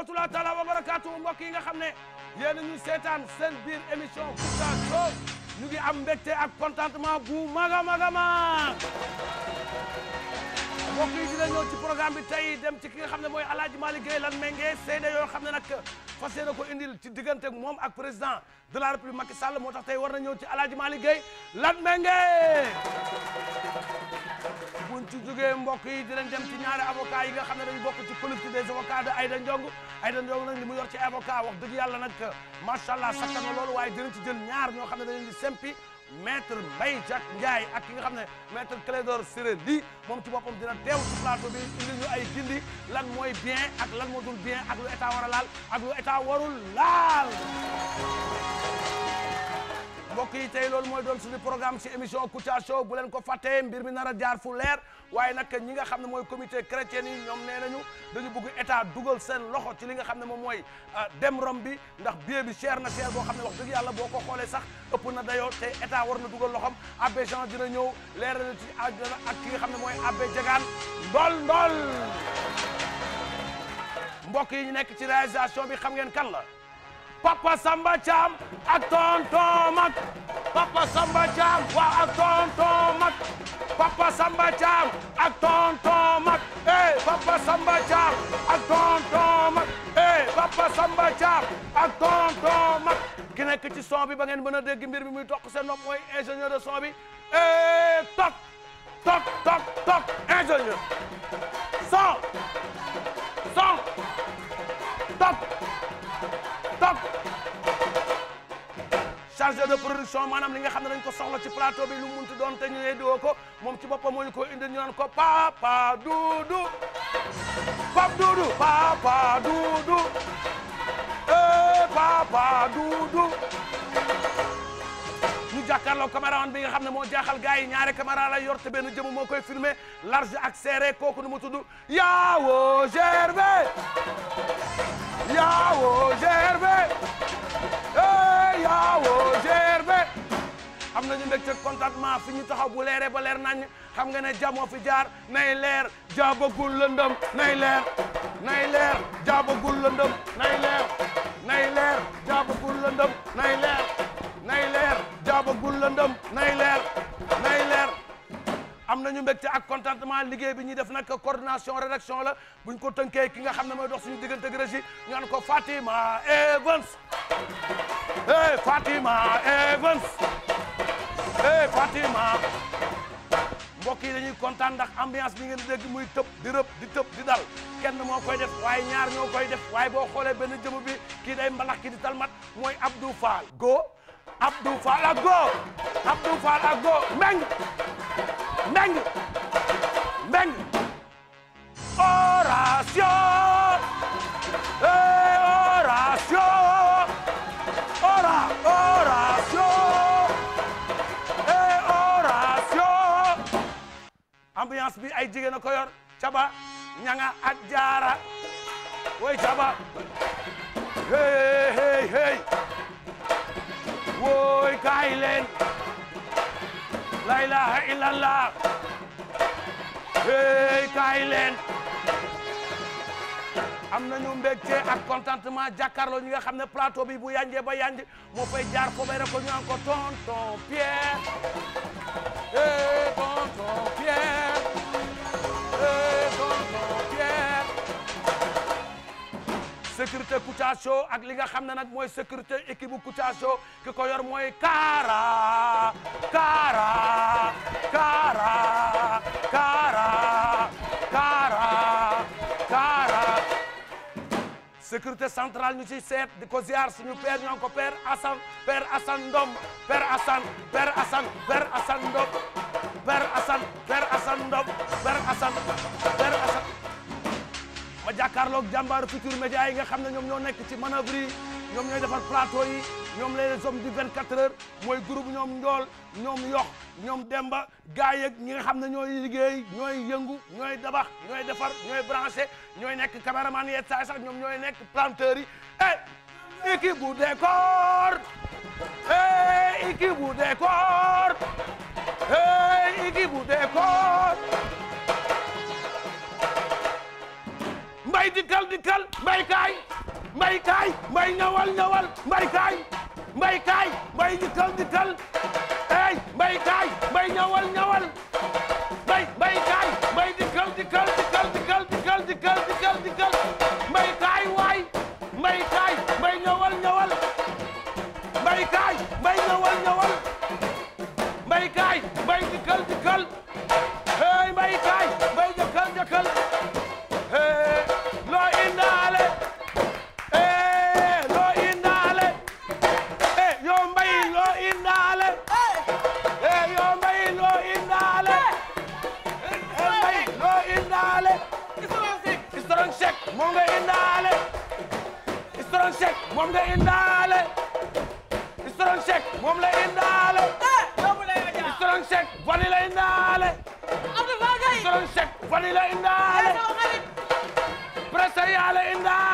rahmatullah taala wa barakaatu mbokk yi nga xam ne yéen a ñu seetaan seen biir émission Kouthia Show ñu ngi am mbégte ak contentement bu mag a mag a mag mbokk yi programme bi tey dem ci ki xam ne mooy El Hadj Malick Gueye lan méngee seede yoo xam ne nag fas yéene ko indil ci diggante moom ak président de la république Macky Sall moo tax tey war na ñëw ci El Hadj Malick Gueye lan méngee ci jógee mbokk yi dinañ dem ci ñaari avocat yi nga xam ne dañu bokk ci collectif des avocats de Aïda Ndiong Aïda Ndiong nag li mu yor ci avocat wax dëgg yàlla nag macha allah sakkan na loolu waay dinañ ci jël ñaar ñoo xam ne dañu di sempi maître Mbaye Jack Ndiaye ak ki nga xam ne maître Clédor Ciré Ly moom ci boppam dina teew ci plateau bi indi ñu ay gindi lan mooy bien ak lan moo dul bien ak lu état war a laal ak lu état warul laal mbokk yi tey loolu mooy doon suñu programme si émission Kouthia Show bu leen ko fàttee mbir mi nar a jaar fu leer waaye nag ñi nga xam ne mooy comité chrétien yi ñoom nee nañu dañu bëgg état dugal seen loxo ci li nga xam ne moom mooy ah, dem rom bi ndax billet bi cher na cher boo xam ne wax dëgg yàlla boo ko xoolee sax ëpp na dayoo te état war na dugal loxom abbé Jean dina ñëw leeral ci àddina ak ki nga xam ne mooy abbé Diegane ndol ndol mbokk yi ñu nekk ci réalisation bi xam ngeen kan la papa Samba Thiam ak tonton Mag papa Samba Thiam waaw ak tonton Mag papa Samba Thiam ak tonton Mag eh papa Samba Thiam ak tonton Mag eh papa Samba Thiam ak tonton Mag ki nekk ci son bi ba ngeen mën a dégg mbir bi muy toq seen nopp mooy ingénieur de son bi eh toq toq toq ingénieur son. chargé de production maanaam li nga xam ne dañ ko soxla ci plateau bi lu mu munti doon te ñu yee diwoo ko moom ci boppam moo ñu ko indi ñu naan ko papa duudu pap duudu papa duudu eh papa duudu ñu jàkkaarloo caméraman bi nga xam ne moo jaaxal gars yi ñaari caméra la yor te benn jëmu moo koy filmé large ak serré kooku nu mu tudd Yao Gervais Yao yaawoo GRB am nañu mbégte contentement fi ñu taxaw bu leeree ba leer nañ xam nga ne jamoo fi jaar nay leer jaabagul lëndëm nay leer nay leer jaabagul lëndëm nay leer nay leer nay leer nay leer jaabagul lëndëm nay leer nay leer am na ñu mbégte ak contentement liggéey bi ñuy def nag coordination rédaction la buñ ko tënkee ki nga xam ne mooy dox suñu diggante ak régie ñu naan ko Fatima Evans eh Fatima Evans eh Fatima mbokk yi dañuy kontaan ndax ambiance bi ngeen di muy tëb di rëb di tëb di dal kenn moo koy def waaye ñaar ñoo koy def waaye boo xoole benn jëmm bi kii day mbalax ki di mat mooy Abdou Fall go Abdou Fall ak go Abdou Fall ak go Mbeng Mbeng Horatio eh Horatio ora Horatio eh Horatio bi ay jigéen a ko yor caba ñanga ak jaara way woy kaay leen la ilaha illallah hey kaay leen am nañu mbégte ak contentement jàkkaarloo ñi nga xam ne plateau bi bu yanjee ba yanj moo fay jaar fo bay rek ko ñu an ko tonton Pierre hey tonton Pierre sécurité Kouthia Show ak li nga xam ne nag mooy sécurité équipe bu Kouthia Show ki ko yor mooy Kaara Kaara Kaara Kaara Kaara sécurité centrale ñu ci seet di ko ziar suñu père ñoo ko père Assane père Assane Ndom père Assane père Assane Ndom jàkkaarloog jàmbaaru Futurs Médias yi nga xam na ñoom ñoo nekk ci manœuvre yi ñoom ñooy defar plateau yi ñoom les hommes du 24 mooy groupe ñoom njool ñoom yox ñoom demba gars yeeg ñi xam ne ñooy liggéey ñooy yëngu ñooy dabax ñooy defar ñooy branché ñooy nekk caméraman yeeg saay sax ñoom ñooy nekk planteurs yi eh équipe bu décor eh équipe bu décor eh équipe bu décor mbay dikkal dikkal mbay kaay mbay kaay mbay ñawal ñawal mbay kaay mbay kaay mbay dikkal dikkal ey mbay kaay mbay ñawal ñawal mbay mbay kaay mbay dikkal dikkal dikkal dikkal dikkal dikkal dikkal dikkal mbay kaay waay mbay kaay mbay ñawal ñawal mbay kaay mbay ñawal ñawal mbay kaay mbay dikkal dikkal ey mbay kaay mbay jëkkal jëkkal strong check moom nga indaale strong check moom la indaale strong check vani la indaale strong check vani la indaale eh, pressa yaa la indaale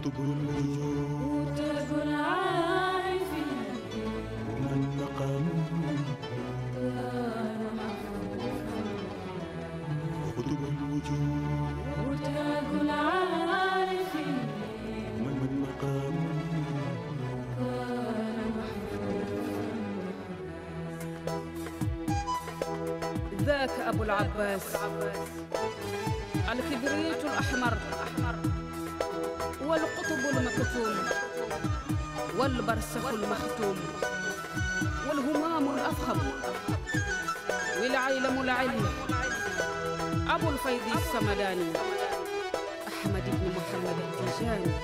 قطب قطب عارف من مقام قطب الوجود قطب عارف من مقام ذاك أبو العباس الكبريت الأحمر المكتوم والبرسخ المختوم والهمام الأفخم والعيلم العلم أبو الفيض السمداني أحمد بن محمد التجاني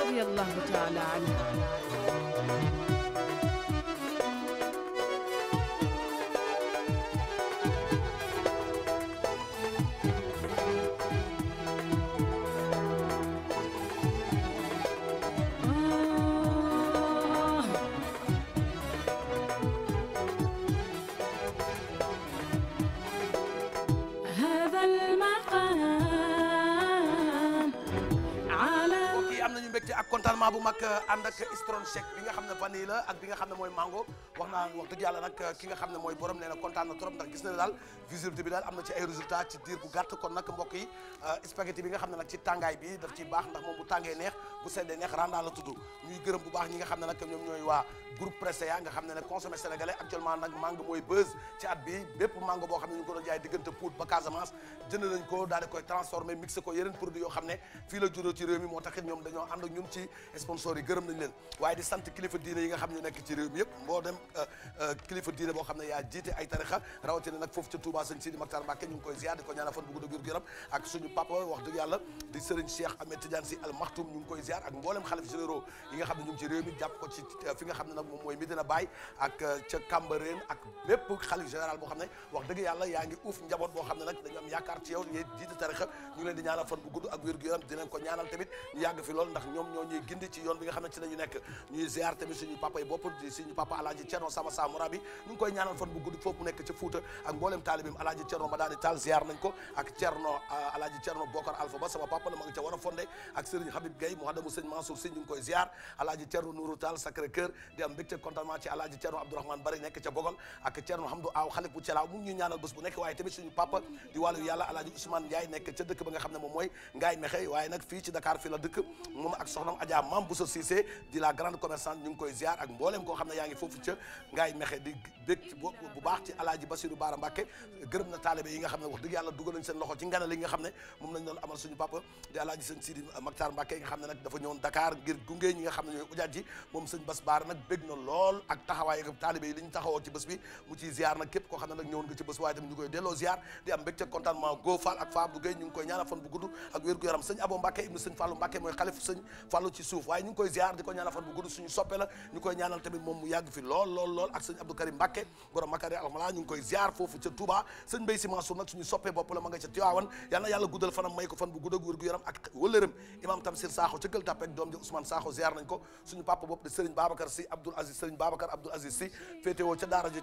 رضي الله تعالى عنه ak uh, ànd ak strong shake bi nga xam ne vanille la ak bi nga xam ne mooy mango wax naa wax dëgg yàlla nag uh, ki nga xam ne mooy borom nee na kontaan na trop ndax gis na daal visibilité bi daal am na ci ay résultats ci diir bu gàtt kon nag mbokk yi euh, bi nga xam ne nag ci tàngaay bi daf ciy baax ndax moom bu tàngee neex bu seddee neex randa la tudd ñuy gërëm bu baax ñi nga xam ne nag ñoom ñooy waa groupe Prestea nga xam ci at boo xam ne ñu ko doon jaay diggante Pout ba Casamance jënd nañ ko daal di koy transformé mixé ko yeneen produit yoo xam ne fii la juddoo ci réew moo taxit ñoom dañoo ànd ak ñun ci sponsor yi gërëm nañ leen waaye di sant kilifa diine yi nga xam ne nekk ci réew yëpp euh, euh, boo Touba sëñ Sidi Makhtar Mbacké ñu ngi koy ziar di ko ñaanal fan bu gudd wér-gu-yaram ak suñu ñu ngi wax dëgg yàlla di ñaanal fan bu gudd ak wér ñu koy ñaanal fan bu gudd foofu nekk ca Fuuta ak mboolem taalibe taalibeem alaaji Cerno Madani Tall ziar nañ ko ak Cerno euh, alaaji Cerno Bokar Alpha ba ca war a fondé ak Serigne Habib Gueye Mouhadamou Serigne Mansour Sy ñu ngi koy ziar alaaji Cerno Nourou Tall Sacré di am mbégte contentement ci alaaji bu Thielaw di moom mooy Ngaay Mexe waaye nag fii ci la grande commerçante ñu ngi koy ziar ak mbooleem koo xam ne yaa ngi foofu ca Ngaay Mexe di bég bu baax ci alaaji Bassirou Bara Mbacké gërëm na taalibe yi nga xam ne wax dëgg yàlla dugal nañ seen loxo ci ngana li nga xam ne moom lañ doon amal suñu papa di koo xam ne nag ñëwoon nga ci koy delloo ziar di am mbégte contentement Go Fall ak Fabou Gueye ñu ngi koy ñaanal fan bu gudd ak wér gu yaram la ñu koy ñaanal tamit moom mu yàgg fi lool lool ak sëñ Abdou Karim Mbacke borom Makari ñu ngi koy ziar foofu ca Touba sëñ Mbaye Sy Mansour nag suñu soppee bopp la ma ca Tiwaawan yal yàlla guddal fanam may ko fan bu gudd ak ak wëllëram imam Tamsir Sakho ca Gueule Tapée doom ji Ousmane Sakho ziar nañ ko suñu papa bopp di Serigne Babacar Sy Abdoul Aziz Serigne Babacar Abdoul ca daara di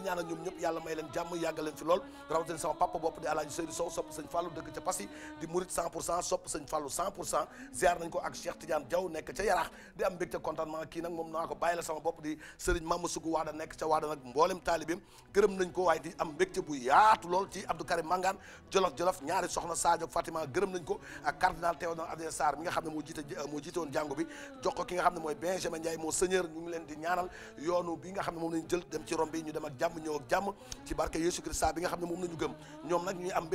ñaanal ñoom ñëpp yàlla may leen jàmm yàggal leen fi lool rawatina sama papa bopp di Alaaji Seydou Sow sopp sëñ Fallou dëkk ca Passy di murit 100 sopp sëñ Fallou 100 pour cent ziar nañ ko ak Cheikh Tidiane Diaw nekk ca Yaraax di am mbégte contentement kii nag moom naa ko bàyyi la sama bopp nag mboolem am mbégte bu yaatu xam ne moo jiite moo jiite leen di ñaanal yoonu bi nga xam ne moom lañ jël dem ci rom bi ñu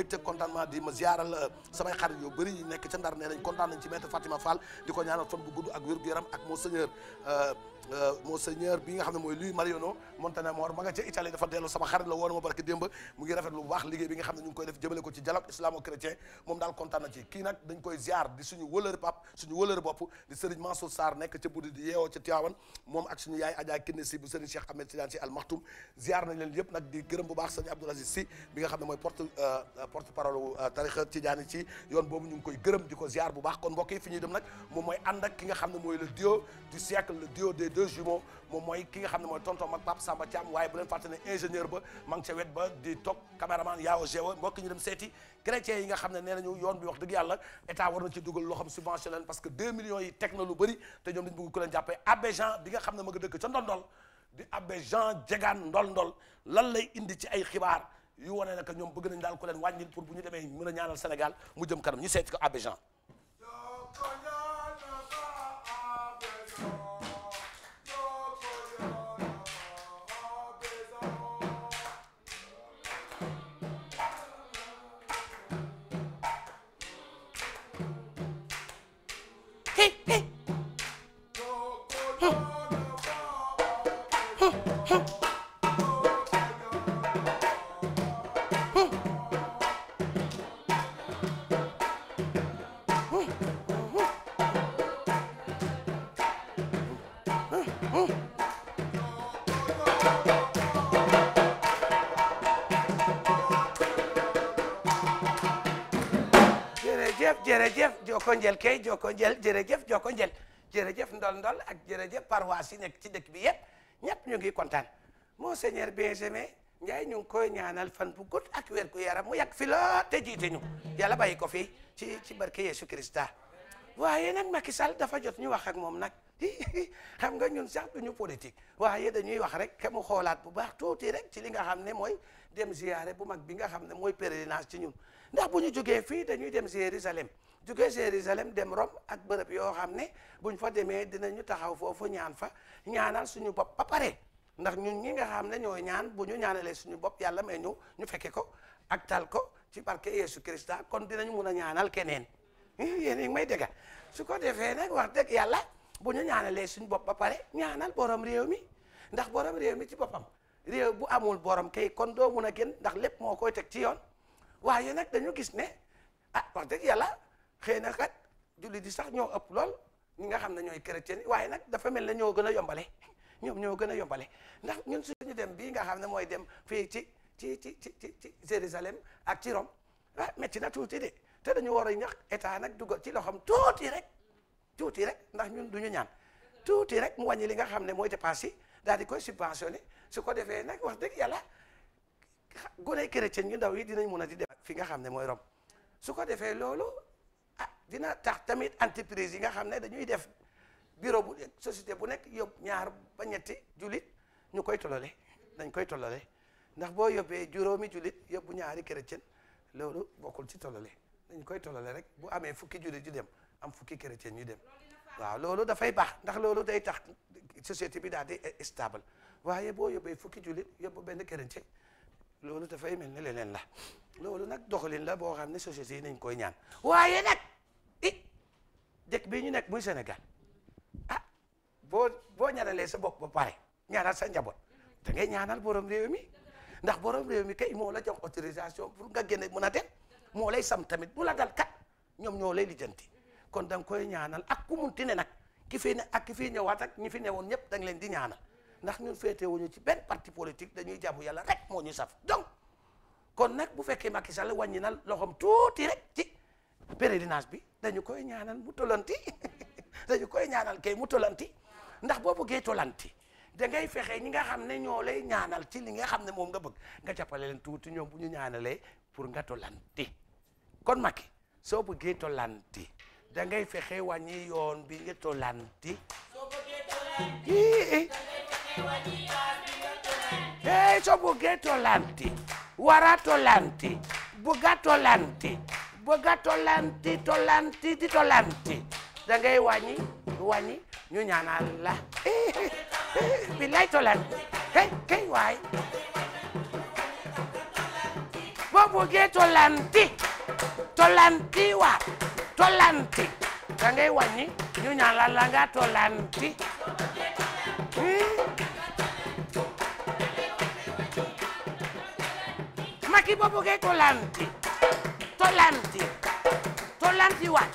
dem ma ziyaaral euh, samay xarit yu bëri nekk ca Ndar ne nañ kontaan nañ ci maître Fatima Fall ko ñaanal fan bu gudd ak wér gu yaram ak monseigneur euh, Euh, monseigneur bi nga xam ne mooy Luis Mariano Montenegro ma nga ca Italie dafa dellu sama xarit la woon ma barke démb mu ngi rafet lu bu baax liggéey bi nga xam ne ñu ko ci dialogue islamo-chrétien moom daal kontaan na ci kii nag yaay Adja Kiné Sy bu Serigne Cheikh Ahmed leen yëpp nag di gërëm bu baax Serigne nga xam ne mooy porte euh, porte parole euh, tarixa Tidiane ci yoon boobu ñu ngi koy gërëm di ko ziar bu baax kon mbokk yi ñuy dem nag moom mooy ànd ak ki nga xam ne mooy le duo du siècle le duo des deux jumeaux moom mooy ki nga xam ne mooy tonton mag Pape Samba Thiam waaye bu leen ingénieur ba ma ca wet ba di toog caméraman yaaw géwa mbokk ñu dem seeti chrétiens yi nga xam ne nee nañu yoon bi wax dëgg yàlla état war na ci dugal loo xam subventionné leen parce que 2 millions yi teg na lu bëri te nga xam ne ma nga dëkk ca ndondol di abbé Jegaan ndol ndol lan lay indi ci ay xibaar yu wane na que ñoom bëgg nañ daal ku leen wàññil pour bu ñu demee a ñaanal Sénégal mu jëm kanam jërëjëf jërëjëf joko njël kay joko njël jërëjëf joko njël jërëjëf ndol ndol ak jërëjëf paroisse yi nekk ci dëkk bi yëpp ñëpp ñu ngi kontaan monseigneur Benjamin Ndiaye ñu ngi koy ñaanal fan bu gudd ak wér ku yaram mu yàgg fi lool te jiite ñu yàlla bàyyi ko fi ci ci barke Yesu Christa waaye nag Macky Sall dafa jot ñu wax ak moom nag xam nga ñun sax duñu politique waaye dañuy wax rek ke mu xoolaat bu baax tuuti rek ci li nga xam ne mooy dem ziyaare bu mag bi nga xam ne mooy pèlerinage ci ñun ndax bu ñu jógee fii dañuy dem Jérusalem jógee Jérusalem dem Rome ak bërëb yoo xam ne bu ñu fa demee dinañu taxaw foofu ñaan fa ñaanal suñu bopp ba pare ndax ñun ñi nga xam ne ñooy ñaan bu ñu ñaanalee suñu bopp yàlla may ñu ñu fekke ko ak tal ko ci barke Yesu Christa kon dinañ mun a ñaanal keneen yéen ngi may dégg su ko defee nag wax dëgg yàlla bu ñu ñaanalee suñu bopp ba pare ñaanal borom réew mi ndax borom réew mi ci boppam réew bu amul borom kay kon doo mun gën ndax lépp moo koy teg ci yoon. waaye nag dañu gis ne a ah, wax dëgg yàlla xëy na kat julli di sax ñoo ëpp lool ñi nga xam ne ñooy chrétien yi waaye nag dafa mel ne ñoo gën a yombale ñoom ñoo gën a yombale ndax ñun suñu dem bii nga xam ne mooy dem fii ci ci ci ci ci Jérusalem ak ci Rome ah métti na tuuti de te dañu war a ñax état nag dugal ci loxoom tuuti rek tuuti rek ndax ñun duñu ñaan tuuti rek mu wàññi li nga xam ne mooy dépense yi daal di koy subventionné su ko defee nag wax dëgg yàlla gone chrétien yu ndaw yi dinañ mun a di dem fi nga xam ne mooy Rome su ko defee loolu a ah, dina tax tamit entreprise yi nga xam ne dañuy def bureau bu société bu nekk yóbbu ñaar ba ñetti jullit ñu koy tolole dañ koy tolole ndax boo yóbbee juróomi jullit yóbbu ñaari chrétien loolu bokkul ci tolole dañ koy tolole rek bu amee fukki jullit yu dem am fukki chrétien yu dem waaw loolu dafay baax ndax loolu day tax société bi daal di stable waaye boo yóbbee fukki jullit yóbbu benn chrétien loolu dafay mel na leneen la loolu nag doxalin la boo xam ne société yi nañ koy ñaan waaye nag it dëkk bii ñu nekk muy senegal ah boo boo ñaanalee sa bopp ba pare ñaanal sa njaboot da ngay ñaanal borom réew mi ndax borom réew mi kay moo la jox autorisation pour nga génne mën a dem moo lay sam tamit bu la kat ñoom ñoo lay lijjanti kon da koy ñaanal ak ku munti ne nag ki fi ne ak ki fi ñëwaat ak ñi fi newoon ñëpp da nga leen di ñaanal. ndax ñun féetewuñu ci benn parti politique dañuy jàmm yàlla rek moo ñu saf donc kon nag bu fekkee Macky Sall wàññi na loxoom tuuti rek ci pèlerinage bi dañu koy ñaanal mu tolanti dañu koy ñaanal kay mu tolanti ndax boo bëggee tolanti da ngay fexe ñi nga xam ne ñoo lay ñaanal ci li nga xam ne moom nga bëgg nga jàppale leen tuuti ñoom bu ñu ñaanalee pour nga tolanti kon Macky soo bëggee tolanti da ngay fexe wàññi yoon bi nga tolanti. soo hey so buggee tollanti wara tollanti bugga tollanti bugga tollanti di tollanti da ngay wàññi wàññi ñu ñaanal la billaay tollanti hey kay waay boo buggee tollanti tollanti waa tollanti da ngay wàññi ñu ñaanal la Taki boobu ko lanti to lanti to lanti waat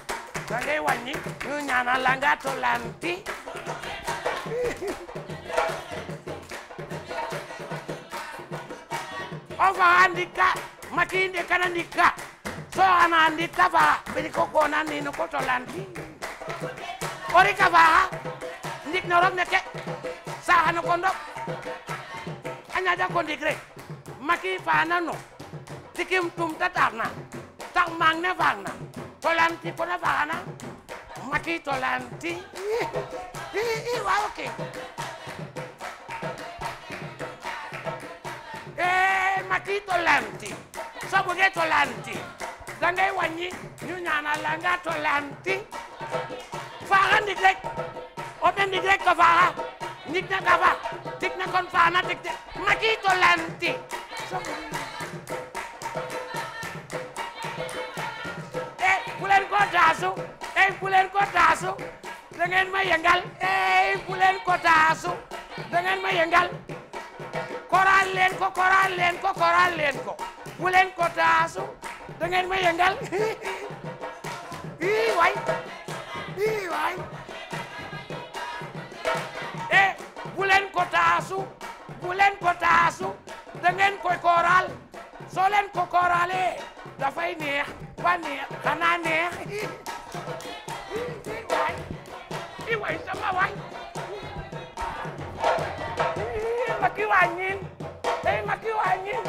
ñu ñaanal la nga to lanti ofa andika matinde kana ndika so ana andika fa bini ko kona ko to lanti ori ka fa ndik na rok neke sa hanu kondo anya ja kondigre maki fa nano sikim tum ta tax na tax mang ne fang na tolanti ko na faxana maki tolanti i waaw ke e maki tolanti so buge tolanti da ngay wàññi ñu ñaanal la nga tolanti faxa ndik rek o ɓe ndik rek ko faxa ndik na dafa tik na kon faana tik te maki tolanti so taasu ey bu leen ko taasu da ma yëngal ey bu leen ko taasu da ma yëngal koral leen ko koral leen ko bu leen ko taasu da ma yëngal ii waay ii waay e eh, bu leen ko taasu bu leen ko taasu da ngeen koy koral ko koralee dafay neex ba neex xanaa neex waay i way sama waay maki wàññil ey eh, maki wàññil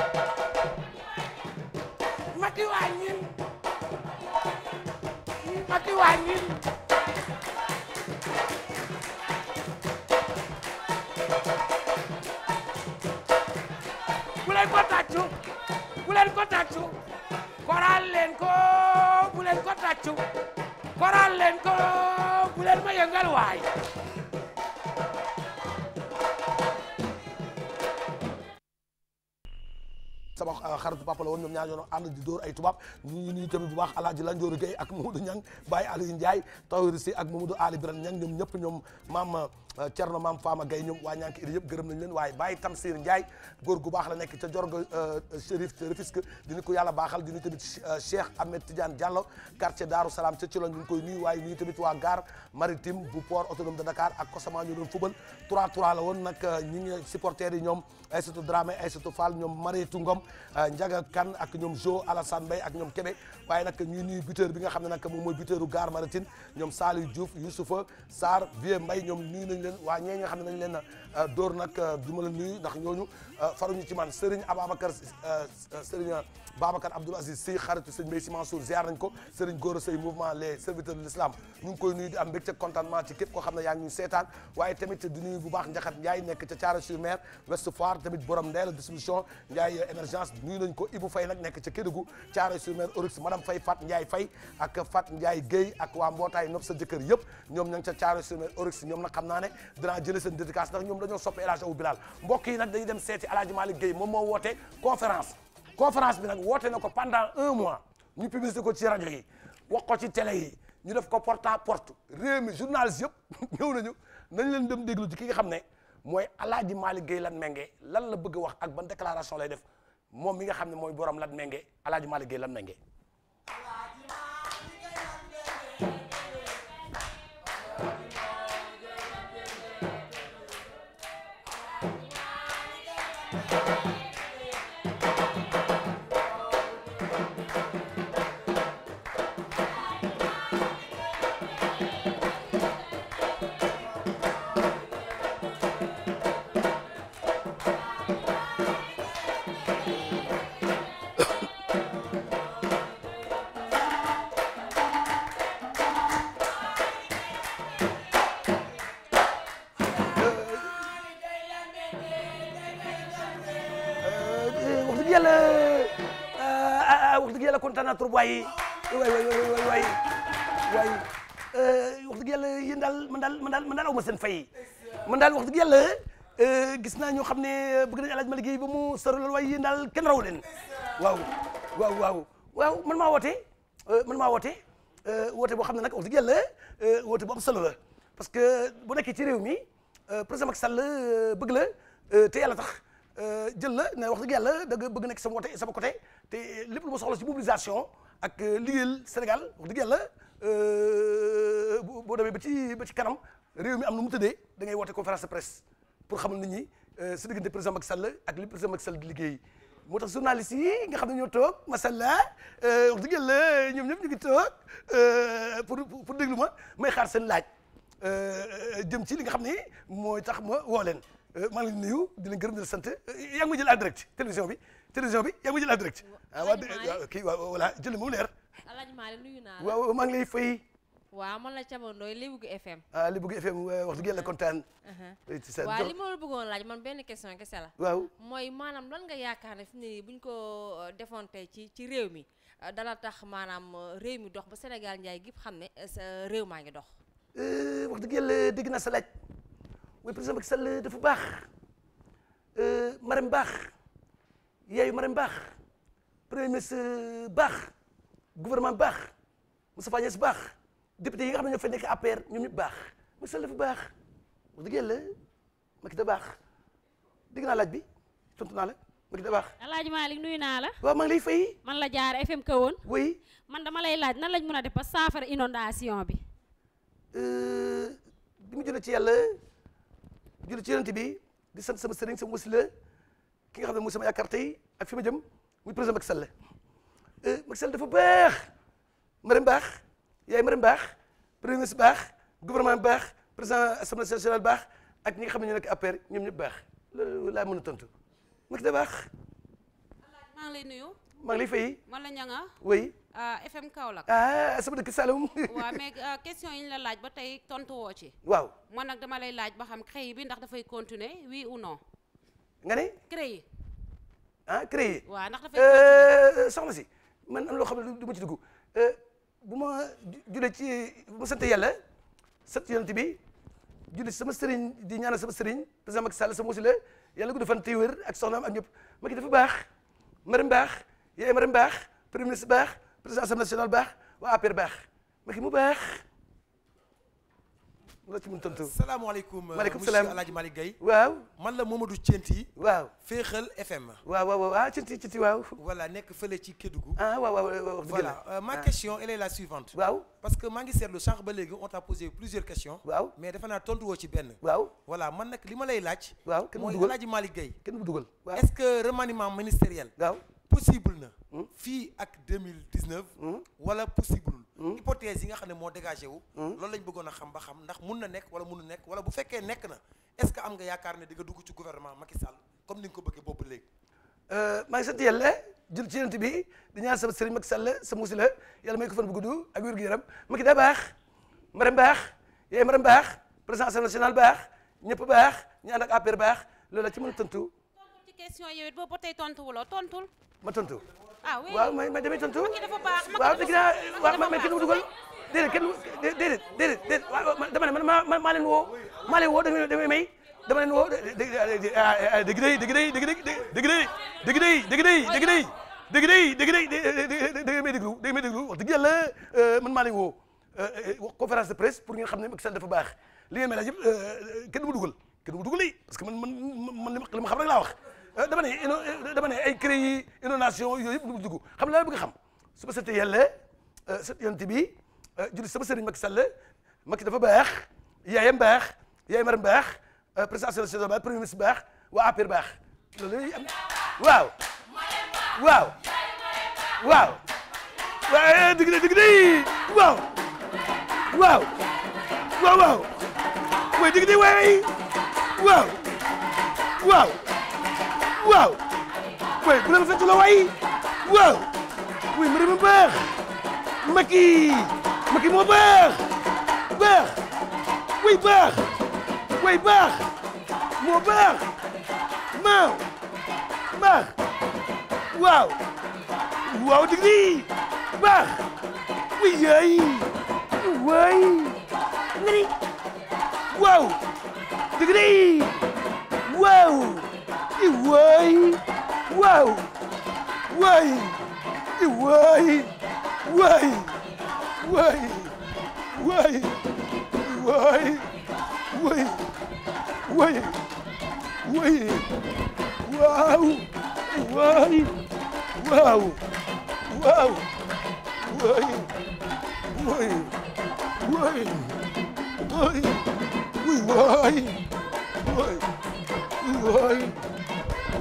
maki wàññil maki wàññil ku leen ko tàccu ku leen ko tàccu koral leen ko bu leen ko tàccu leen ko bu ma yëngal waay sama euh, xaritu papa la woon ñoom ñaar ñoo ànd di dóor ay tu ñu ngi nuyu tamit bu baax alaaji Lanjoor Gueye ak Mamadou Niang Baye Aliou Ndiaye Tawir Si ak Mamadou Ali Birane Niang ñoom ñëpp ñoom maam Cerno euh, Maam Faama Gay ñoom waa ñànk iri yëpp gërëm nañu leen waaye Baye Tamsir Ndiaye góor gu la nekk ca Jorgo euh, Chérif ca Rufisque di ñu ko yàlla baaxal di ñu tamit euh, Cheikh Ahmed Tidiane Diallo quartier Daaru Salaam ca Thilogne ñu ngi koy nuyu waaye nuyu tamit waa gare maritime bu port autonome de Dakar ak Kosama doon fubal 3-3 la woon nag ñi ngi yi ñoom Aïssatou Dramé Aïssatou Fall ñoom Mariétou Ngom Ndiaga Kane ak ñoom Jo Alassane Mbaye ak ñoom Kébé waaye nag ñuy nuyu buteur bi nga xam ne nag moom mooy buteuru gare maritime ñoom Saliou nañ leen waa ñee nga xam ne dañ leen a euh, dóor nag euh, du ma leen nuyu ndax ñooñu euh, faruñu ci man Serigne Ababacar Serigne Babacar Aziz Sy xaritu Serigne Mbaye Sy Mansour nañ ko Serigne Gora Seye mouvement les serviteurs de l'islam nuyu nuyu bu baax njaxat Ndiaye nekk ca Thiaroye sur Mer Ouest Foire tamit borom ndeel distribution Ndiaye émergence nuyu nañ ko Ibou Faye nag nekk ca Kédougou Thiaroye sur Mer Orix madame Faye Fat Ndiaye Faye ak Fat Ndiaye Guèye ak waa mbootaay nopp sa jëkkër yëpp ñoom ne ne danaa jëlee seen dédicace ndax ñoom dañoo sopp El Hadj Abou Bilal mbokk yi nag dañuy dem seeti El Hadj Malick moom moo woote conférence conférence bi nag woote na ko pendant un mois ñu publicité ko ci rajo yi wax ko ci télé yi ñu def ko porte à porte réew mi journaliste yëpp ñëw nañu nañ leen dem déglu ci ki nga xam ne mooy El Hadj Malick Gueye lan menge lan la bëgg wax ak ban déclaration lay def moom mi nga xam ne mooy borom lan menge El Hadj Malick Gueye lan menge tana troupe waay waay waay waay waay euh, wax dëgg yàlla yéen daal man daal man daal man daal aw ma seen fay man daal wax dëgg yàlla euh, gis naa ñoo xam ne euh, bëgg nañ alaaj ma liggéey ba mu sori lool waaye yéen daal kenn raw leen waaw waaw waaw waaw man maa woote man maa woote woote boo xam ne nag wax dëgg yàlla woote bu am solo la parce que bu nekkee ci réew mi président Macky Sall bëgg la te yàlla tax Euh, jël la ne wax dëgg yàlla da nga bëgg nag sama côté sama côté te li lu ma soxla mobilisation ak liggéeyal Sénégal wax dëgg yàlla euh, boo demee ba ci ba ci kanam réew mi am lu mu tëddee da ngay woote conférence de presse pour xamal nit ñi euh, sa diggante président Macky Sall ak li président Macky Sall di liggéey moo tax journaliste yi nga xam ne ñoo toog masalla wax dëgg yàlla ñoom ñëpp ñu ngi toog pour pour déglu ma may xaar seen laaj jëm ci li nga xam ni mooy tax ma woo leen. Euh, maa ngi leen di sant euh, yaa ngi ma bi télévision bi yaa ngi jël en direct. waaw ah, waaw naa la waaw waaw man la Thiaba Ndoye Libougou FM. ah Libougou FM wax uh-huh. ma bëggoon laaj man benn question kese la. waaw mooy maanaam lan nga yaakaar ne fi ne nii bu ñu ko euh, defoon tey ci ci réew mi dala tax maanaam réew mi dox ba Sénégal njaay gi xam ne sa réew maa ngi dox. wax dëgg yàlla dégg naa sa laaj. oui président Macky Sall dafa baax euh, Marème baax yeeyu Marème baax premier ministre euh, baax gouvernement baax Moustapha Niasse baax député yi nga xam ne ñoo fay nekk APR ñoom ñëpp baax Macky la dafa baax wax dëgg yàlla Macky da baax dégg naa laaj bi tontu naa la Macky a baax. maa Malick nuyu naa la. waaw man ngi lay fay. man la jaar FM kawoon. oui man dama lay laaj nan lañ mën a def ba saafara inondation bi. Euh, bi mu jëlee ci yàlla. julli ci yonent bi di sant sama sëriñ sama wasila ki nga xam ne mooy sama yaakaar tey ak fi ma jëm muy président Macky Sall eh, Macky Sall dafa baax marim baax yaay marim baax premier ministre baax gouvernement baax président assemblée nationale baax ak ñi nga xam ne ñu nekk APR ñoom ñëpp baax loolu laa mën a tontu Macky da baax. maa ngi lay nuyu. maa ngi lay fay. man la ñanga oui. Euh, FM Kaolack. ah sama dëkk Saloum. waaw mais euh, question yi ñu la laaj ba tey tontu ci. waaw man nag dama lay laaj ba xam CREI bi ndax dafay continuer oui ou non. nga ne. CREI. ah CREI. waaw ndax dafay continuer euh, soxna si man am loo xam ne du ma ci bu ma julee ci bu ma yàlla sant yonent bi julli sama sëriñ di ñaanal sama sëriñ président Macky Sall sama la yàlla gudd fan te ak soxnaam ak ñëpp Macky dafa baax maram baax yaay maram baax premier ministre baax. président assemblée nationale baax waa APR baax Macky mu baax. la ci mën tontu salaamaaleykum euh, maaleykum salaam monsieur El Hadj Malick Guèye waaw man la Momadou Thienti waaw Féexal FM waaw waaw waaw ah Thienti Thienti waaw nekk fële ci Kédougou ah waaw waaw wax dëgg la voilà euh, ma ah. question elle la suivante waaw parce que maa ngi seetlu sànq ba léegi on t'a posé plusieurs questions waaw mais dafa naa tontu woo ci benn waaw voilà man nag li ma lay laaj waaw kenn mooy El Hadj Malick Guèye kenn mu dugal est-ce que remaniement ministériel waaw possible na Hmm? fii ak deux mille dix hmm? wala possible. Hmm? hypothèse yi nga xam ne moo dégagé wu. loolu lañ bëggoon a xam ba xam ndax mun na nekk wala munu nekk wala bu fekkee nekk na est-ce que am nga yaakaar ne di nga dugg ci gouvernement Macky Sall comme ni nga ko bëggee boobu léegi. Euh, maa ngi sant jël ci yonent bi di ñaan sa sëriñ Macky Sall sama wusila yàlla may ko fan bu gudd ak wér gu yaram Macky daa baax maram baax yaay maram baax président assemblée nationale baax ñëpp baax ñaan ànd ak baax loolu la ci mën a ci question yow it boobu ba tey tontu wala tontul. ma tontu. ah oui waaw man man damay tontu. waaw dëgg naa waaw man man kenn mu dugal. déedéet kenn déedéet déedéet waaw man dama ne man maa maa leen woo maa leen woo damay damay may dama leen woo dëgg day dëgg day dëgg day dëgg day dëgg day dëgg day dëgg day dëgg day dëgg day dëgg may déglu dëgg may déglu wax dëgg yàlla man maa leen woo conférence de presse pour ngeen xam ne Macky Sall dafa baax li ngeen may laaj yëpp kenn mu dugal kenn mu dugal lii parce que man man man li ma xam rek laa wax. Eh, dama ne ino eh, dama ne ay crédit yi inondation yooyu yëpp dugg dugg xam naa bëgg xam su ma seetee yàlla eh, yonent bi jur sama sëriñ Macky Sall Macky dafa baax yaayam baax yaay maram baax président national baax premier ministre baax waa APR baax loolu am waaw waaw waaw waaw dëgg dëgg day waaw oui bu leen fëcc la way waaw oui mbir mi moo baax baax oui baax oui baax moo baax maaw baax waaw waaw dig nii baax oui yaay waay nga ni waaw dig nii Iwoi, wow, woi, Iwoi, woi, woi, woi, Iwoi, woi, woi, woi, wow, Iwoi, wow, wow, woi, woi, woi, woi, Iwoi, woi, Iwoi. premier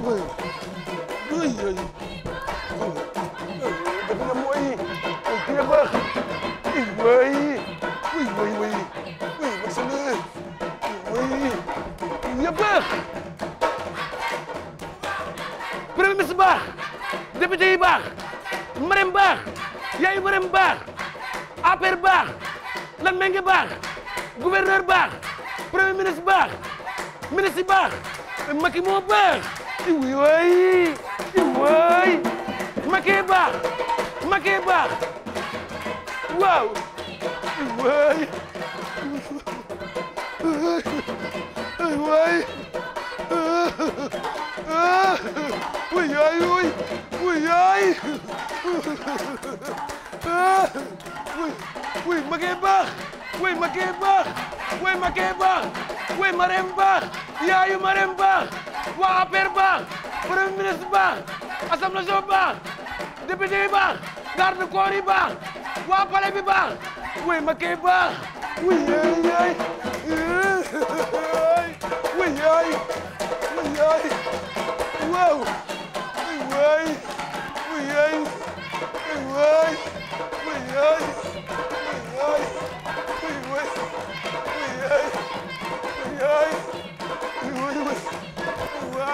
ministre baax député yi baax marem baax yaayu marem baax APR baax lan menge baax gouverneur baax premier ministre baax ministre baax Macky moo baax diw yooyu diw yooyu makee baax makee baax waaw diw yooyu way wuy yooyu wuy wuy yooyu wuy wuy makee baax wuy makee baax wuy makee baax wuy marem baax yaayu marem baax waa APR baax premier ministre baax assemblée nationale baax député yi baax garde corps yi baax waa palais bi baax wuy ma kay baax wuy yooy yooy wuy yooy wuy yooy waaw wuy yooy wuy yooy wuy yooy wuy yooy wuy yooy wuy yooy wuy yooy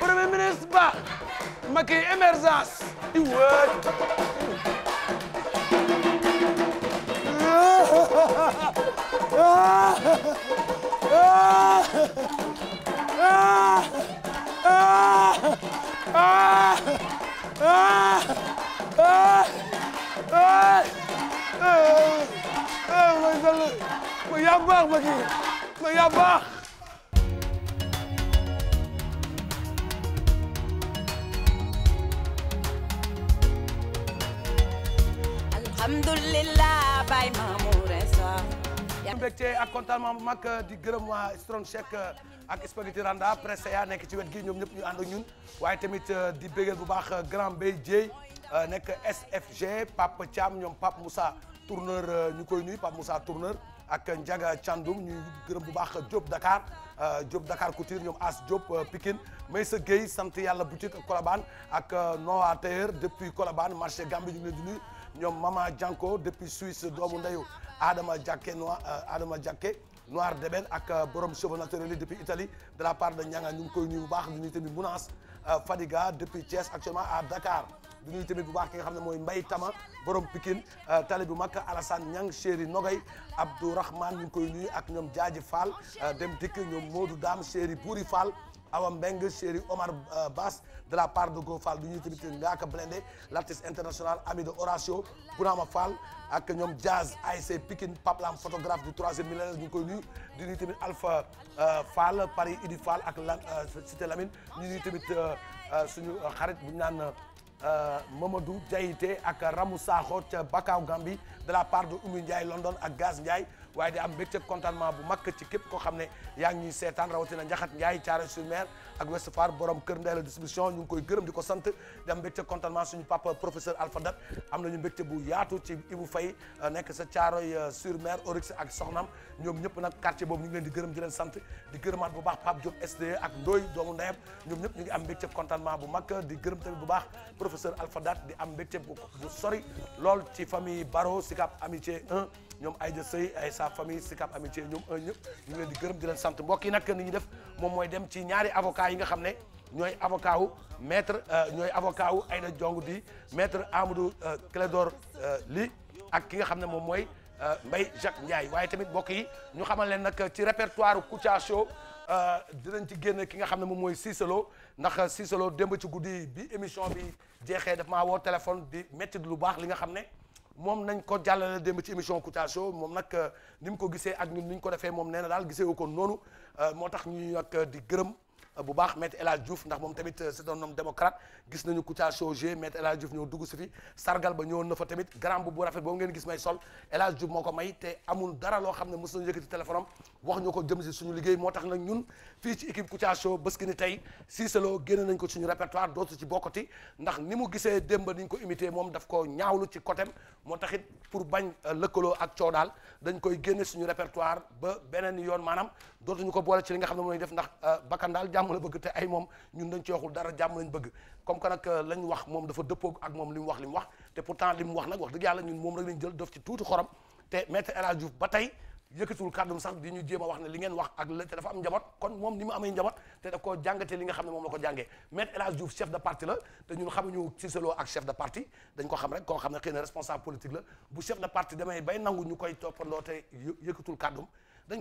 premier ministre Ba Macky émergence i wëj ma yaa baax Macky ma yaa baax alhamdulilah bay Mamour bu mag di gërëm waa Strong Check euh, ak Spaghetti Randa presse ya nekk ci wet gi ñoom ñëpp ñu ànd ak ñun waaye tamit euh, di bégal bu baax euh, Grand Bay Dieye nekk SFG Pape Thiam ñoom Pape Moussa tourneur ñu koy nuyu Pape musa tourneur ak Ndiaga Thiandoum ñuy gërëm bu baax job Dakar Diop Dakar Couture ñoom As Diop Pikine Maysa Gueye sant yàlla boutique Colobane ak Noa Tailleur depuis Colobane marché Gambie ñu ngi leen ñoom Mama Janko depuis Suisse doomu ndeyu Adama Jacke noir euh, Adama Jacke noir deben ak euh, borom cheveux naturels depuis Italie de la part de Ñanga ñu ngi koy nuyu bu baax di nuyu tamit Mounas euh, Fadiga depuis Thiès actuellement à Dakar. di nuyu tamit bu baax ki nga xam ne mooy Mbay Tama borom Pikine euh, tali bu mag Alassane Niang Chéri Nogay Abdourahmane ñu ngi koy nuyu ak ñoom Jaaji Fall euh, dem dikk ñoom Modou Dame Chéri Bouri Fall Awa Mbeng Chéri Omar euh, Bass de la part de Go Fall du ñuy tamit Ngaaka Blindé l'artiste international ami de Horatio Bounama Fall ak ñoom ay AIC Pikine Paplam photographe du troisième millénaire ñu ngi koy nuyu di nuyu tamit Alpha Fall Paris Idi Fall ak Cité Lamine ñu nuyu tamit suñu xarit bu ñu naan Euh, Mamadou Diaité ak ramu Sakho ca Bakaaw Gambi de la part de Oumy Ndiaye London ak Gaz Ndiaye waaye di am mbégte contentement bu mag ci képp koo xam ne yaa ngi ñuy seetaan rawatina Njaxat Njaay ñu ngi koy gërëm di ko sant di am mbégte contentement suñu papa professeur Alpha Dat am nañu bu yaatu ci euh, nekk sa Thiaroye euh, sur Mer Orix ak soxnam ñoom ñëpp nag quartier boobu ñu ngi di gërëm di leen sant di gërëmaat bu baax Pape Diop e doomu ñoom ñëpp ñu ngi am mbégte contentement bu mag di gërëm tamit bu baax professeur Alpha Dat di am mbégte bu sori lool ci famille Baro Sicap Amitié 1 ñoom ay Aïda Sey ay sa famille Sicap Amitié ñoom un ñëpp ñu leen di gërëm di leen sant mbokk yi nag ni ñu def moom mooy dem ci ñaari avocat yi nga xam ne ñooy avocat wu maître euh, ñooy avocat wu Aïda Ndiongue di maître Amadou euh, Clédor euh, li ak ki nga xam ne moom mooy Mbaye Jacques Ndiaye waaye tamit mbokk yi ñu xamal leen nag ci répertoire Kouthia Show dinañ ci génn ki nga xam ne moom mooy Cissolo ndax Cissolo démb ci guddi bi émission bi jeexee def maa woo téléphone di métti lu baax li nga xam ne moom nañ ko jàllale démb ci émission Kouthia Show moom nag euh, ni mu ko gisee ak ñun ni ñu ko defee moom nee na daal gisee wu ko noonu euh, moo tax ñu nag euh, di gërëm bu baax maître El Hadj Diouf ndax moom tamit euh, c'est un démocrate gis nañu Kouthia Show g maître El Hadj Diouf ñëw dugg si fi sargal ba ñëwoon na fa tamit grand bu bu rafet boobu ngeen gis may sol El Hadj Diouf moo ko may te amul dara loo xam ne mos nañu yëkkati téléphone am wax ñu ko jëm si suñu liggéey moo tax nag ñun fii ci équipe Kouthia Show bés tey Cisselo génn nañ ko suñu répertoire dootu ci bokkati ndax ni mu gisee démb niñ ko imité moom daf ko ñaawlu ci euh, li nga xam ne mooy def euh, la bëgg te ay moom ñun dañ ci dara jàmm lañ bëgg comme que nag euh, lañ wax moom dafa dëppoo ak moom li mu wax li mu wax te pourtant li mu wax nag wax dëgg yàlla ñun moom rek lañ jël def ci tuuti xorom te maître El Hadj Diouf ba tey yëkkatiwul kàddum sax di ñu jéem a wax ne li ngeen wax ak la te dafa am kon moom ni mu amee njaboot te daf jàngatee li nga xam ne moom la ko jàngee maître El Hadj Diouf chef de parti la te ñun parti dañ ko xam rek koo xam ne xëy na responsable politique la bu chef de parti damay bay nangu ñu koy toppandoo te yëkkatul kàddum di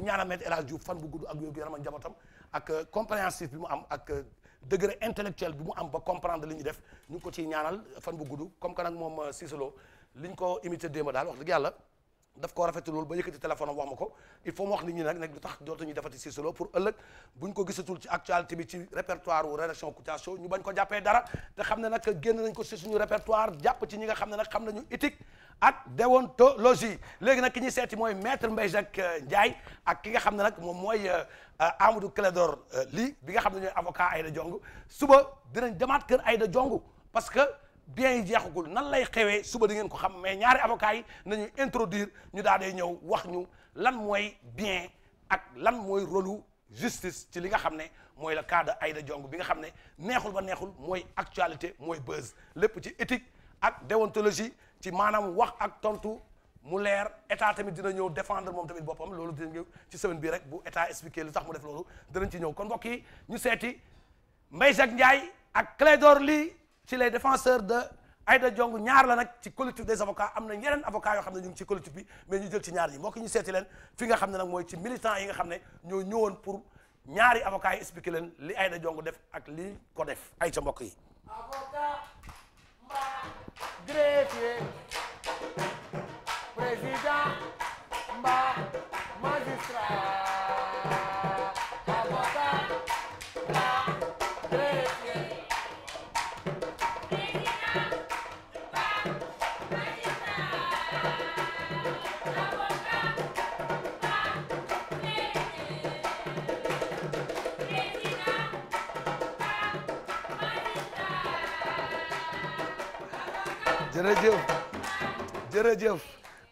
ñaanal maître El Hadj Diouf fan bu gudd ak wér gu yaram ak njabootam ak euh, compréhensif bi mu am ak euh, degré intellectuel bi mu am ba comprendre li ñu def ñu ngi ko ciy ñaanal fan bu gudd comme que nag moom euh, Cissé Lo li ñu ko imité démb daal wax dëgg yàlla daf ko rafetu loolu ba yëkkati téléphone am wax ma ko il faut mu wax nit ñi nag nag lu tax dootuñu defati Cissé pour ëllëg buñ ko gisatul ci actualité bi ci répertoire wu rédaction Kouthia Show ñu bañ ko jàppee dara te xam ne nag génn nañ ko ci suñu répertoire jàpp ci ñi nga xam ne nag xam nañu éthique ak logi léegi nag ki ñuy seeti mooy maître Mbaye Jacques euh, Ndiaye ak ki nga xam ne nag moom mooy euh, euh, Amadou Clédor lii bi nga xam ne ñooy ay Aïda Diong suba dinañ demaat kër Aïda Diong parce bien yi jeexagul nan lay xewee suba di ngeen ko xam mais ñaari avocats yi nañu introduire ñu daal day ñëw wax ñu lan mooy bien ak lan mooy rôlu justice ci li nga xam ne mooy la cas de Aïda Diong bi nga xam ne neexul ba neexul mooy actualité mooy buzz lépp ci éthique ak déontologie ci maanaam wax ak tontu mu leer état tamit dina ñëw defender moom tamit boppam loolu dina ñëw ci semaine bi rek bu état expliqué lu tax mu def loolu dinañ ci ñëw kon mbokk ñu seeti Mbaye Jacques Ndiaye ak ci les défenseurs de Aïda Diong ñaar la nag ci collectif des avocats am na yeneen avocats yoo xam ne ñu ngi ci collectif bi mais ñu jël ci ñaar yi mbokk ñu seeti fi nga xam ne nag mooy ci militant yi nga xam ne ñoo ñëwoon pour ñaari avocats yi expliqué leen li Aïda Diong def ak li ko def ay ca mbokk yi. avocat mbaa greffier président mbaa magistrat. jërëjëf jërëjëf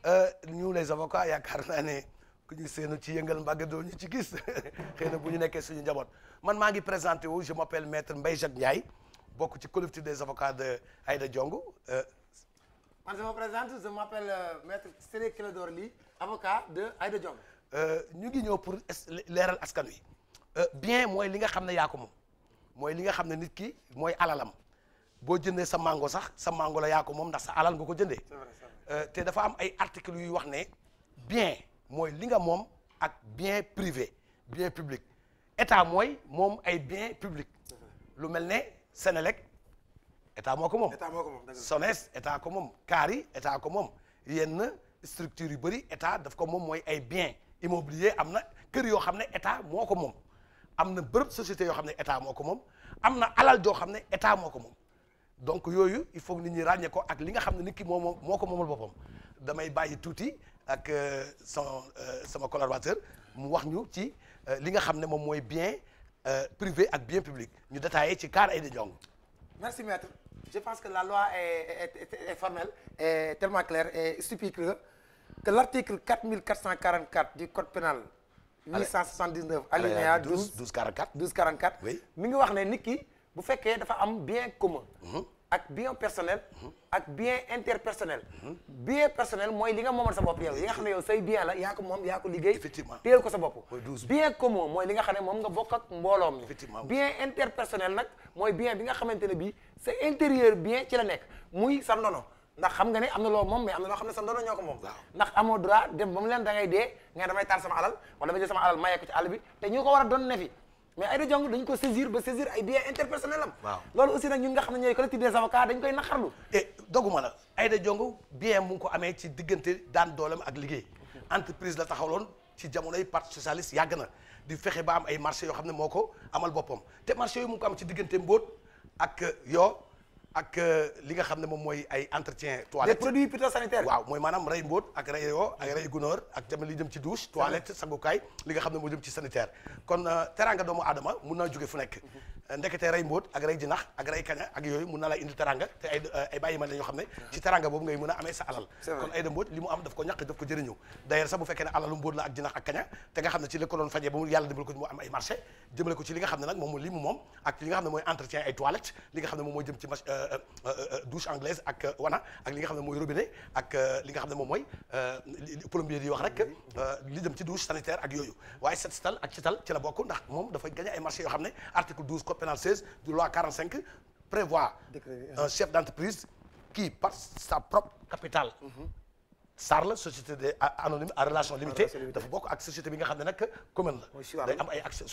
euh, ñu les avocats yaakaar naa ne ku ñu seenu ci yëngal mbagg doo ñu ci gis xëy na bu ñu nekkee suñu njaboot man maa ngi présenté wu je m'appelle maître Mbaye Jacques Ndiaye bokk ci collectif des avocats de Aïda Diongue. Euh, man je me présente je m'appelle euh, maître Séré Clédor Ly de Aïda Diongue. ñu ngi ñëw pour leeral askan wi bien mooy li nga xam ne yaa ko mooy li nga xam ne nit ki mooy alalam. boo jëndee sa mango sax sa mango la yaa ko moom ndax sa alal nga ko jëndee euh, te dafa am ay articles yuy wax ne bien mooy li nga moom ak bien privé bien public état mooy moom ay bien public lu mel ne Sénélec état moo ko moom SONES état ko moom CARI état ko moom yenn structure yu bëri état daf ko moom mooy ay bien immobilier am na kër yoo xam ne état moo ko moom am na bërëb société yoo xam ne état moo ko am na alal joo xam ne état moo ko moom donc yooyu il faut nit ñi ràññee ko ak li nga xam ne nit ki moo moom moo ko moomal boppam damay bàyyi tuuti ak euh, son euh, sama collaborateur mu wax ñu ci euh, li nga xam ne moom mooy bien privé ak bien public ñu détaillé ci Kaar Aïda Ndiongue merci maître je pense que la loi est, est, est formelle tellement claire et stipule que, que l'article 4444 du code pénal 1879 alinéa 12 12 44 12 mi ngi wax ne nit ki bu fekkee dafa am bien commun. Mhm. ak bien personnel. Mhm. ak bien interpersonnel. Mhm. bien personnel mooy li nga moomal sa bopp yow yi nga xam ne yow say bien la yaa ko moom yaa ko liggéey. effectivement téyel ko sa bopp. bien commun mooy li nga xam ne moom bi bii sa intérieur bien ci la nekk muy sa ndono. ndax xam nga ne am na loo moom mais am na loo xam ne sa ndono ñoo ko moom ndax amoo droit dem ba mu leen da ngay damay taal sama alal wala damay jël sama alal mayee ko ci àll bi te ñu ko war a doon ne fi mais Aïda Diong dañ ko saisir ba saisir ay biens interpersonnels am. waaw loolu aussi nag ñun nga xam ne ñooy collectif des avocats dañ koy naqarlu. et eh, doguma la Aïda Diong bien mu ngi ko amee ci diggante daan doolem ak liggéey entreprise la taxawloon ci jamonoy parti socialiste yàgg na di fexe ba am ay marché yoo xam ne moo ko amal boppam te marché yooyu mu ko am ci diggante mbóot ak euh, yoo. ak euh, li nga xam ne moom mooy ay entretien toilette les produits phytosanitaires waaw mooy maanaam rey mbóot ak rey yoo ak rey gunóor ak tamit li jëm ci douche toilette sangukaay li nga xam ne moo jëm ci sanitaire kon euh, teraanga doomu aadama mun naa jóge fu nekk ndekete rey mbóot ak rey jinax ak rey kaña ak yooyu mun na lay indi teranga te ay ay ñoo xam ne ci teranga boobu ngay mën a amee sa alal kon ay da li mu am daf ko ñàkk daf ko jëriñoo d'ailleurs sax bu fekkee ne alalu mbóot la ak jinax ak kaña te nga xam ne ci la fajee ba mu yàlla dimbal ko mu am ay marché jëmale ko ci li nga xam ne nag moom li mu moom ak li nga xam ne mooy entretien ay toilettes li nga xam ne moom code pénal 16 du loi 45 prévoit un chef d'entreprise qui par sa propre capitale mmh. SAR la société des anonyme à relation limitée bokk ak société bi nga xam ne nag commune am ay actions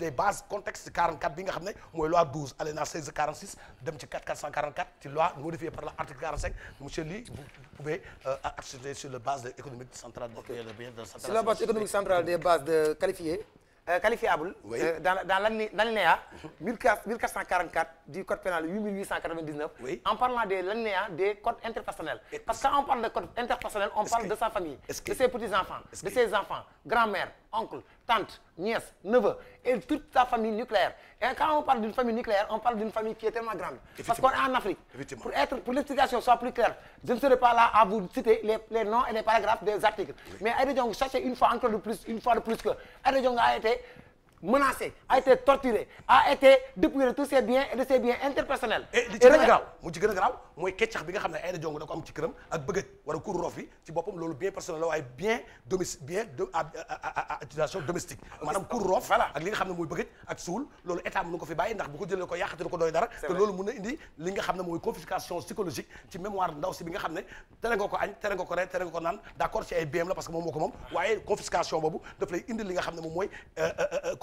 des bases contexte 44 bi nga xam mooy loi 12 alinéa 16 dem ci 4 444 ci loi modifiée par l'article 45 monsieur Ly vous pouvez euh, actionner sur la base économique centrale centrale des bases de qualifiées euh, qualifiable euh, dans dans l'alinéa 1444 du en parlant de l'alinéa des codes interpersonnels parce que quand parle de code interpersonnel on parle de sa famille de ses petits-enfants de ses enfants tante, nièce, neveu, et toute sa famille nucléaire. Et quand on parle d'une famille nucléaire, on parle d'une famille qui est tellement grande. Parce qu'on Afrique. Pour être, pour l'explication soit plus claire, je ne serai pas là à vous citer les, les et les paragraphes des articles. Mais Aïda Diong, sachez une fois encore de plus, que Aïda Diong a été menacé a été torturé a été dépouillé de tous ses biens et de ses eh, ci gën a mu ci gën a mooy keccax bi nga xam ay na jong da ko ci këram ak bëggaj wala kur roof yi ci boppam loolu bien personnel la waaye bien domici bien domestique maanaam kur roof voilà ak li nga xam ne mooy bëggaj ak suul loolu état mënu ko fi bàyyi ndax bu ko jëlee ko yàqati lu ko confiscation psychologique ci mémoire ndaw si bi nga xam ne tere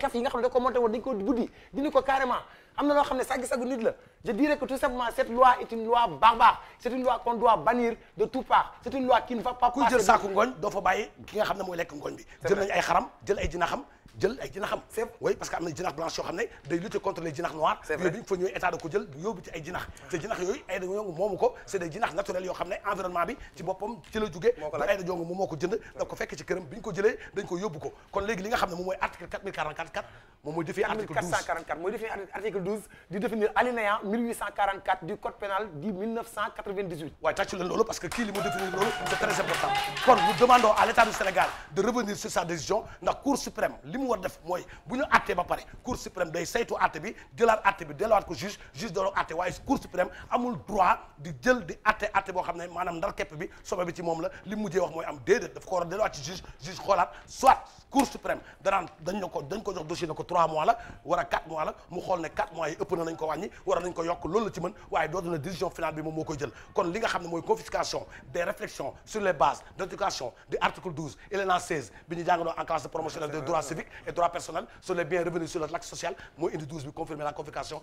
kaf yi nga xam ne da ko monté ko buddi dindi ko carrément am na loo xam ne saggi-saggu nit la je dirais que tout simplement cette loi est une loi barbare c'est une loi qu'on doit de tout part c'est une loi qui ne va pas kuy jël saaku ngooñ doo fa bàyyi ki nga xam ne mooy lekk ngooñ bi jël nañ ay xaram jël ay dina xam jël ay jinax am fépp oui parce que am na jinax blanche yoo xam ne day lutter contre les jinax noirs yooyu bi ñu fa état da ko jël yóbbu ci ay jinax te jinax yooyu ay da jongu moomu ko c'est des jinax naturels yoo xam ne environnement bi ci boppam ci la moo ko jënd da ko xam ne moom mooy article moom mooy définir article 12 4444 mooy du code pénal di 1998 waaye loolu parce que kii li mu définir loolu c'est très important kon nous demandons à l'état du Sénégal mu war def mooy bu ñu àttee ba pare cour suprême day saytu àtte bi jëlaat àtte bi delluwaat ko juge juge dooloo àtte waaye cour suprême amul droit di jël di ate ate boo xam ne maanaam ndar kepp bi sobe bi ci moom la li mujjee wax mooy am déedéet daf ko war a delluwaat ci juge juge xoolaat soit cour suprême danaan dañ ko dañ ko jox dossier mois la war a mois la mu xool ne 4 mois yi ëpp nañ ko wàññi war nañ ko yokk loolu la ci mën waaye dootu na décision finale bi moom moo jël kon li nga xam ne mooy confiscation des réflexions sur les bases d' éducation article 12 et l'ENA 16 bi ñu en classe promotionnelle des droits civiques et droits personnels sur les biens revenus sur le lac social mooy indi 12 bi confirmer la confiscation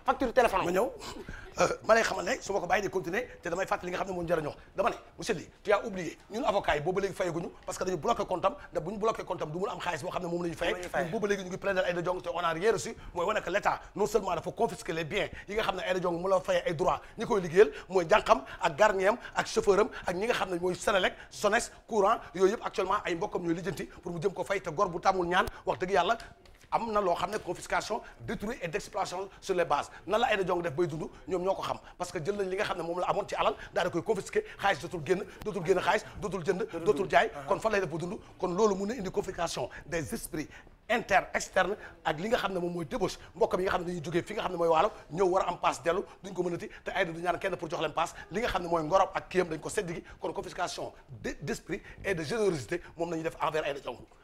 facture téléphone ma ñëw euh, ma lay xamal ne su ma ko bàyyi di continuer te damay fàttali li nga xam ne moom jëriñoo dama ne monsieur tu as oublié ñun avocat yi booba léegi fayeguñu parce que dañu bloqué compte am da bu ñu bloqué compte am du mun am xaalis boo xam ne moom la ñu faye ñun booba léegi ñu ngi plaider Aïda Diong te on a rien mooy wane que l'état non seulement dafa confisquer les biens yi nga xam ne ñi koy liggéeyal mooy jànqam ak garnièram ak chauffeur ak yëpp actuellement ay mbokkam ko fay te gor bu am na loo xam ne confiscation détruit et d'exploitation sur les bases nan la ay jong def bay dund ñoom ñoo ko xam parce que jël na li nga xam ne moom la amoon ci alal daal di koy confisquer xaalis dootul génn dootul génn kon fan lay def ba dund kon loolu mun na indi confiscation des esprits interne ak li nga xam ne moom mooy débauche mbokkam yi nga xam ne dañuy jógee fi nga xam ne mooy waalo ñëw war am paas dellu duñ ko mënati te ay du ñaan kenn pour jox leen paas li nga xam ne mooy ngorob ak kiyam dañ ko seddi kon confiscation de générosité moom nañu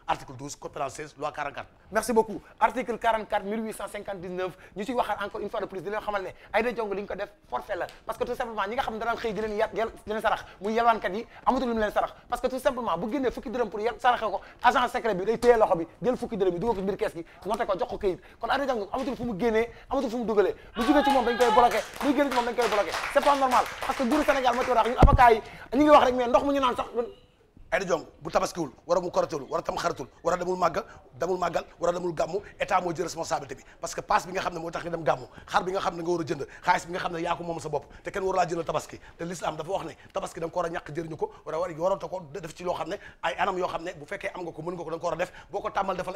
article 12 code pénal 16 loi 44 merci beaucoup article 44 1859 ñu ciy waxaat encore une fois de plus di leen ne Aïda Ndiongue li ñu ko def forfait la parce que tout simplement ñi nga xam ne danaan xëy di leen yat di leen sarax muy yelwaankat lu mu leen sarax parce que tout simplement bu génnee fukki dërëm pour yel saraxe ko agent secret bi day téye loxo bi jël fukki dërëm bi mu génnee amatul fu mu dugalee lu jógee ci moom dañ ay jong bu tabaskiwul war a mu koratéwul war a tam xaratul war a demul màgga demul màggal a demul gàmmu état nga xam ne moo tax nga war a jënd te a ñàkk jëriñu ko war a war warota ko a def boo ko tàmmal defal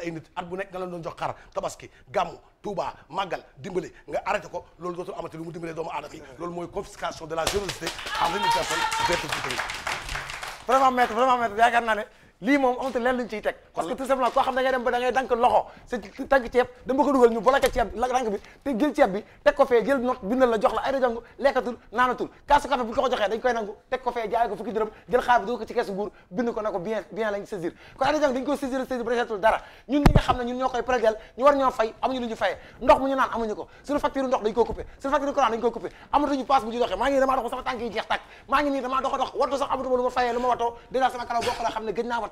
loolu dootul amati lu mu dimbalee doomu aadama yi mooy confiscation de la générosité vraiment maître vraiment maître yaakaar naa ne lii moom amatu leen luñ ciy teg parce que tout simplement ceeb dama ko ceeb bi teg ko fee jël note bindal la jox la ay rajongu lekkatul naanatul kaasu café bu ñu ko ko ko fee jaay ko ko ci keesu nguur bind ko naan amuñu ko ko coupé suñu facture courant bu ñu doxee maa ngi nii damaa dox sama tànk yi jeex tàkk maa lu ma fayee lu ma watoo dèjà sama karaw bokk la xam ne gëj naa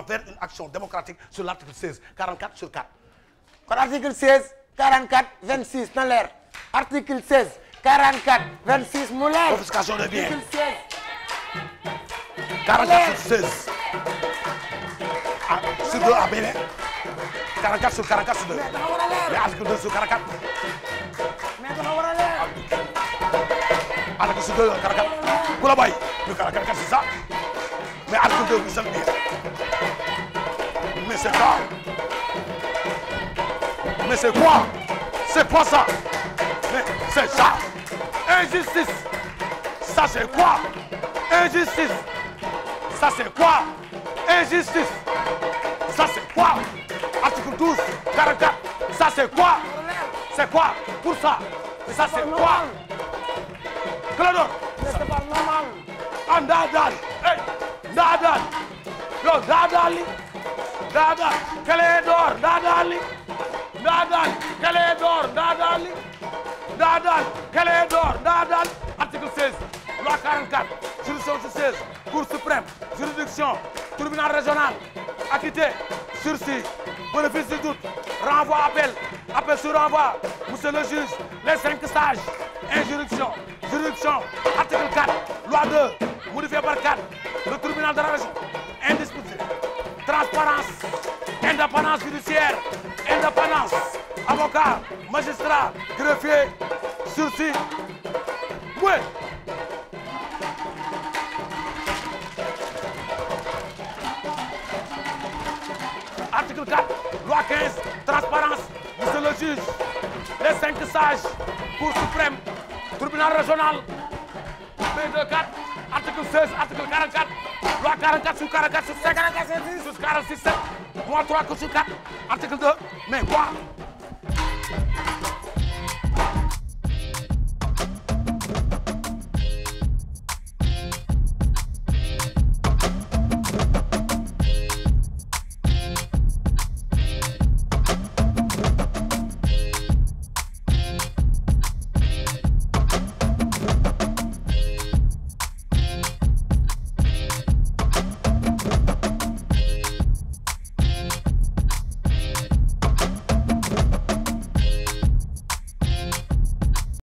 envers une action démocratique sur l'article 16 44 sur 4 kon article 16 44 26 na leer article 16 44 26 mu leer confiscation de biens article 16 44 sur 16 ah, sur 2 ah, a bene 44 sur 44 sur 2 mais article 2 sur 44 mais dafa war a leer article sur 2 44 ku la bàyyi 44 c'est ça mais article 2 bu Mais c'est quoi Mais c'est quoi ça Mais c'est ça Injustice Ça c'est quoi Injustice Ça c'est quoi Article 12, 44, ça c'est quoi Pour ça Mais ça c'est quoi Clédor C'est pas Dada Clédor Dada Ly Dada Clédor Dada Ly Dada loi 44 juridiction française cour suprême juridiction tribunal régional acquitté sursis bénéfice du doute renvoi appel appel sur renvoi monsieur le juge les cinq sages injuridiction juridiction article 4 loi 2 modifié par 4 le tribunal de transparence indépendance judiciaire indépendance avocat magistrat greffier sursis oui. article transparence monsieur les cinq sages cour suprême tribunal régional b article article loi 44 sous 44 sous 5 sous 46 7 moins 3 que sous 4 article 2 mais quoi